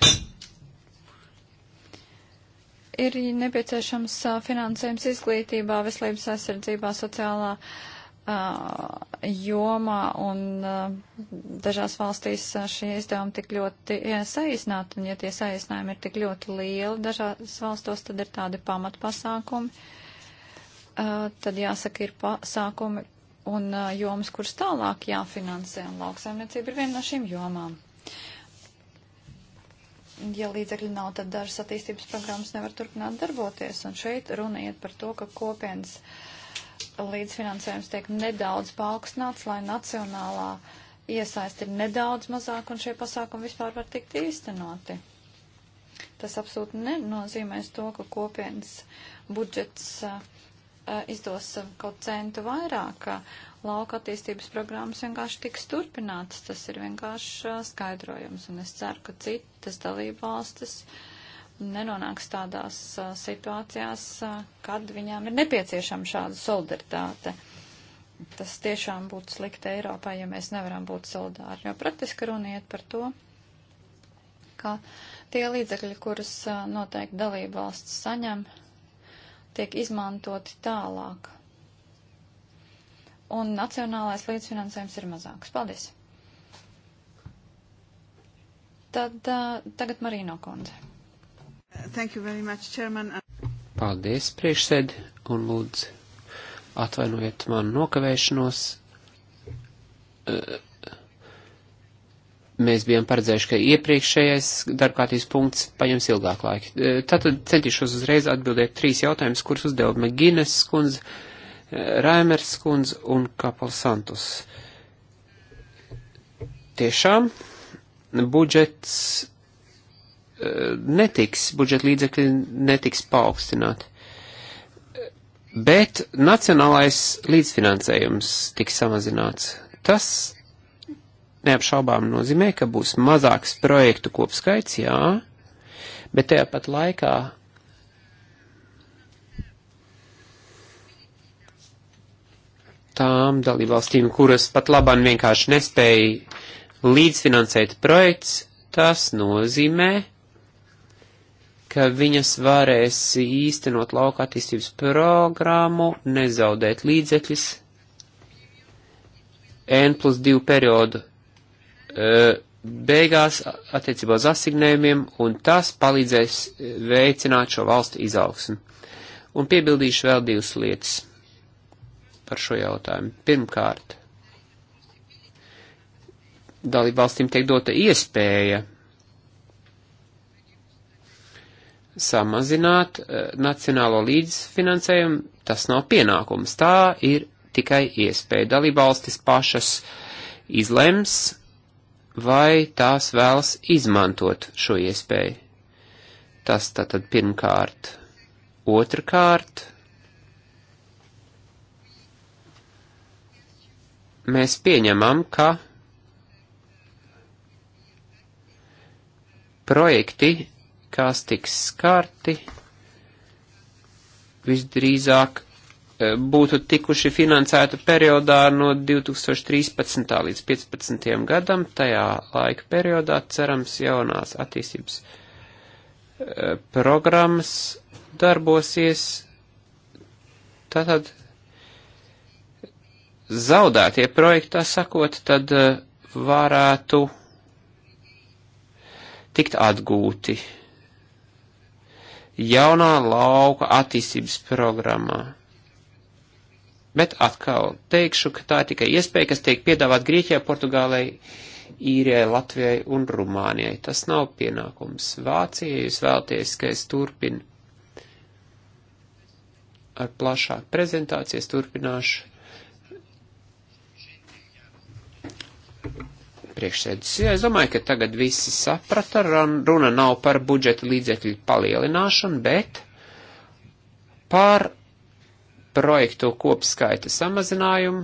ir nepieciešams finansējums izglītībā, veselības aizsardzībā, sociālā uh, Uh, jomā un uh, dažās valstīs uh, šie izdevumi tik ļoti saīsināti, un ja tie saīsinājumi ir tik ļoti lieli dažās valstos, tad ir tādi pamatpasākumi, tad jāsaka ir pasākumi un jomas, kuras tālāk jāfinansē, un lauksaimniecība ir viena no šīm jomām. Ja līdzekļi nav, tad dažas attīstības programmas nevar turpināt darboties, un šeit runa iet par to, ka kopienas uh, līdzfinansējums tiek nedaudz paaugstināts, lai nacionālā iesaisti ir nedaudz mazāk un šie pasākumi vispār var tikt īstenoti. Tas absolūti nenozīmēs to, ka kopienas budžets uh, izdos kaut centu vairāk. Lauka attīstības programmas vienkārši tiks turpinātas. Tas ir vienkārši uh, eh, skaidrojums. Un es ceru, ka citas dalība valstis uh, nenonāks tādās situācijās, kad viņām ir nepieciešama šāda solidaritāte. Tas tiešām būtu slikti Eiropā, ja mēs nevaram būt solidāri, jo praktiski runiet par to, ka tie līdzekļi, kuras noteikti dalība valsts saņem, tiek izmantoti tālāk. Un nacionālais līdzfinansējums ir mazāks. Paldies! Tad uh, tagad Marīno kundze. Thank you very much, Chairman. Paldies, priekšsēdi, un lūdzu atvainojiet man nokavēšanos. Mēs bijām paredzējuši, ka iepriekšējais darbkārtības punkts paņems ilgāk laiku. Tātad centīšos uzreiz atbildēt trīs jautājumus, kurus uzdeva Magines skundze, Raimers skundze un Kapal Santus. Tiešām budžets netiks, budžeta līdzekļi netiks paaugstināti. Bet nacionālais līdzfinansējums tiks samazināts. Tas neapšaubām nozīmē, ka būs mazāks projektu kopskaits, jā, bet tajā pat laikā tām dalībvalstīm, kuras pat labāk vienkārši nespēja līdzfinansēt projekts, tas nozīmē, ka viņas varēs īstenot lauka attīstības programmu, nezaudēt līdzekļus N plus 2 periodu e, beigās attiecībā uz asignējumiem, un tas palīdzēs e, veicināt šo valstu izaugsmu. Un piebildīšu vēl divas lietas par šo jautājumu. Pirmkārt, dalību valstīm tiek dota iespēja samazināt eh, nacionālo līdzfinansējumu, tas nav pienākums. Tā ir tikai iespēja. Dalībvalstis pašas izlems, vai tās vēlas izmantot šo iespēju. Tas tātad pirmkārt. Otrakārt, mēs pieņemam, ka projekti kas tiks skarti, visdrīzāk e, būtu tikuši finansēti periodā no 2013. līdz 2015. gadam, tajā laika periodā cerams jaunās attīstības e, programmas darbosies. Tātad zaudētie projekti, tā sakot, tad e, varētu tikt atgūti jaunā lauka attīstības programmā. Bet atkal teikšu, ka tā ir tikai iespēja, kas tiek piedāvāt Grieķijai, Portugālei, Īrijai, Latvijai un Rumānijai. Tas nav pienākums. Vācijai jūs vēlties, ka es turpinu ar plašāku prezentāciju, es turpināšu. Priekšsēdus. Jā, es domāju, ka tagad visi saprata, runa nav par budžeta līdzekļu palielināšanu, bet par projektu kopskaita samazinājumu.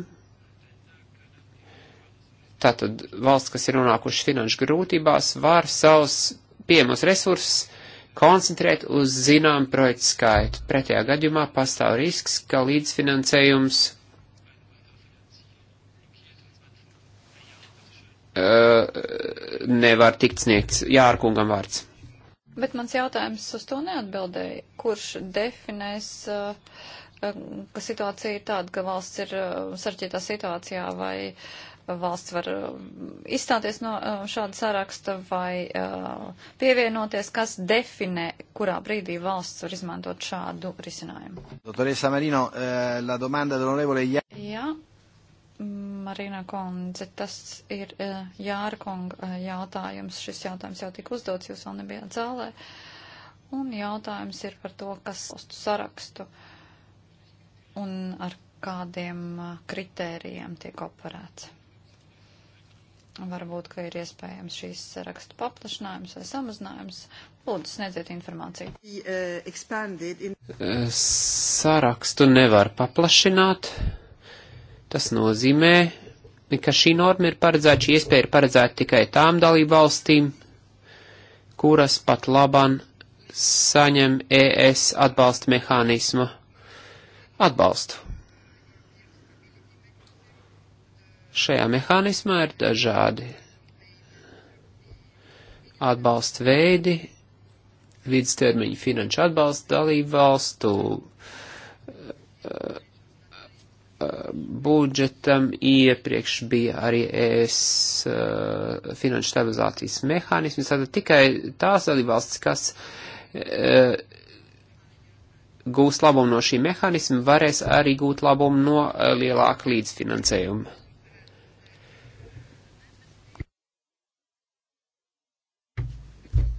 Tātad valsts, kas ir nonākuši finanšu grūtībās, var savus pieejamos resursus koncentrēt uz zinām projektu skaitu. Pretējā gadījumā pastāv risks, ka līdzfinansējums Eh, nevar tikt sniegts. Jārkungam vārds. Bet mans jautājums uz to neatbildēja. Kurš definēs, eh, eh, ka situācija ir tāda, ka valsts ir sarķītā situācijā vai valsts var izstāties no šāda saraksta vai pievienoties, kas definē, kurā brīdī valsts var izmantot šādu risinājumu? Marino, Jā, Marina Kondze, tas ir uh, eh, Jārkonga eh, jautājums. Šis jautājums jau tika uzdots, jūs vēl nebijāt zālē. Un jautājums ir par to, kas uz sarakstu un ar kādiem uh, kritērijiem tiek operēts. Varbūt, ka ir iespējams šīs sarakstu paplašinājums vai samazinājums. Lūdzu, sniedziet informāciju. Sarakstu nevar paplašināt. Tas nozīmē, ka šī norma ir paredzēta, šī iespēja ir paredzēta tikai tām dalību valstīm, kuras pat laban saņem ES atbalsta mehānismu atbalstu. Šajā mehānismā ir dažādi atbalsta veidi, vidstermiņu finanšu atbalstu dalību valstu, uh, budžetam iepriekš bija arī ES uh, finanšu stabilizācijas mehānisms, tātad tikai tās dalībvalstis, kas uh, gūs labumu no šī mehānisma, varēs arī gūt labumu no uh, lielāka līdzfinansējuma.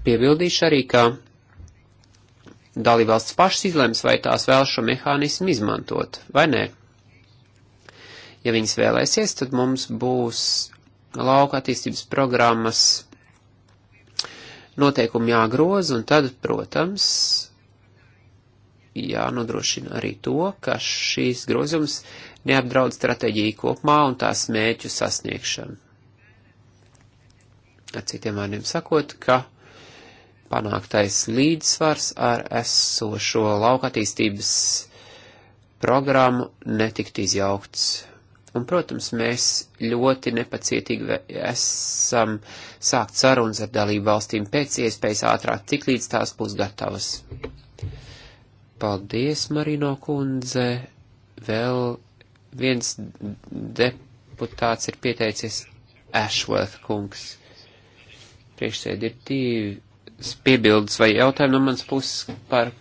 Piebildīšu arī, ka dalībvalsts pašas izlems, vai tās vēl šo mehānismu izmantot, vai nē. Ja viņas vēlēsies, tad mums būs lauka attīstības programmas noteikumi jāgroza, un tad, protams, jānodrošina arī to, ka šīs grozījums neapdraud stratēģiju kopumā un tās mēķu sasniegšanu. Ar citiem vārdiem sakot, ka panāktais līdzsvars ar esošo lauka attīstības programmu netikt izjaukts. Un, protams, mēs ļoti nepacietīgi esam sākt sarunas ar dalību valstīm pēc iespējas ātrāk, tik līdz tās būs gatavas. Paldies, Marino kundze. Vēl viens deputāts ir pieteicies Ashworth kungs. Priekšsēd ir divi piebildes vai jautājumi no mans puses par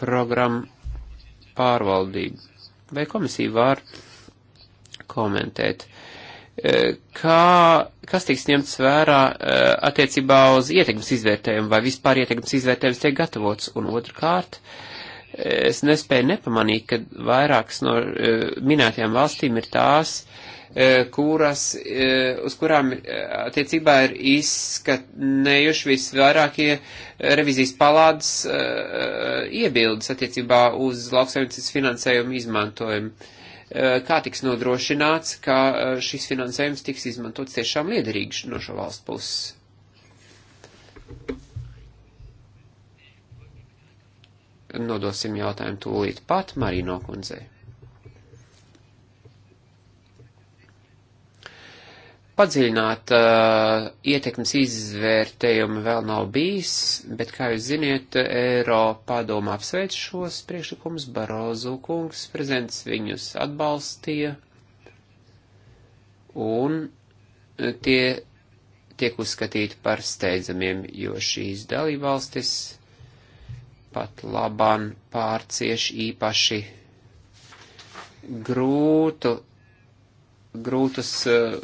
programmu pārvaldību. Vai komisija var? Vār komentēt. E, kā, kas tiks ņemts vērā e, attiecībā uz ietekmes izvērtējumu vai vispār ietekmes izvērtējums tiek gatavots? Un otrkārt, e, es nespēju nepamanīt, ka vairākas no minētajām valstīm ir tās, kuras, uz kurām attiecībā ir izskatnējuši visvairākie revizijas palādes iebildes attiecībā uz lauksaimniecības finansējumu izmantojumu. Eh, kā tiks nodrošināts, ka eh, šis finansējums tiks izmantots tiešām liederīgi no šo valstu puses. Nodosim jautājumu tūlīt pat Marino kundzei. Padziļināt uh, ietekmes izvērtējumu vēl nav bijis, bet, kā jūs ziniet, Eiropa doma apsveic šos priekšlikumus, Barozu kungs prezidents viņus atbalstīja, un uh, tie tiek uzskatīti par steidzamiem, jo šīs dalībvalstis pat laban pārcieš īpaši grūtu grūtas uh,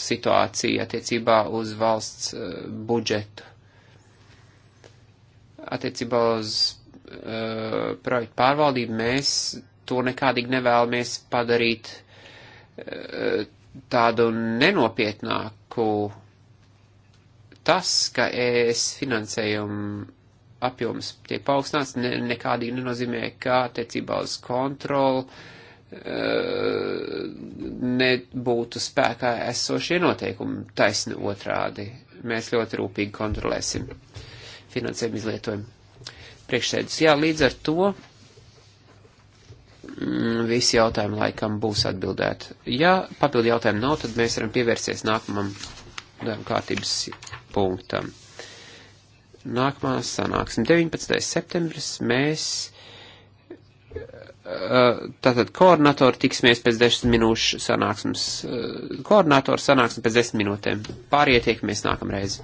situācija attiecībā uz valsts uh, budžetu. Attiecībā uz uh, projektu pārvaldību mēs to nekādīgi nevēlamies padarīt uh, tādu nenopietnāku. Tas, ka es finansējumu apjoms tiek paaugstināts, ne, nekādīgi nenozīmē, ka attiecībā uz kontroli uh, Eh, nebūtu spēkā esošie noteikumi taisni otrādi. Mēs ļoti rūpīgi kontrolēsim finansējumu izlietojumu. Priekšsēdus. Jā, līdz ar to mm, visi jautājumi laikam būs atbildēti. Ja papildu jautājumu nav, tad mēs varam pievērsties nākamam darba kārtības punktam. Nākamā sanāksim 19. septembris mēs Eh, tātad koordinatori tiksimies pēc 10 minūšu sanāksmes, eh, koordinatori sanāksmes pēc 10 minūtēm. Pārietiekamies nākamreiz.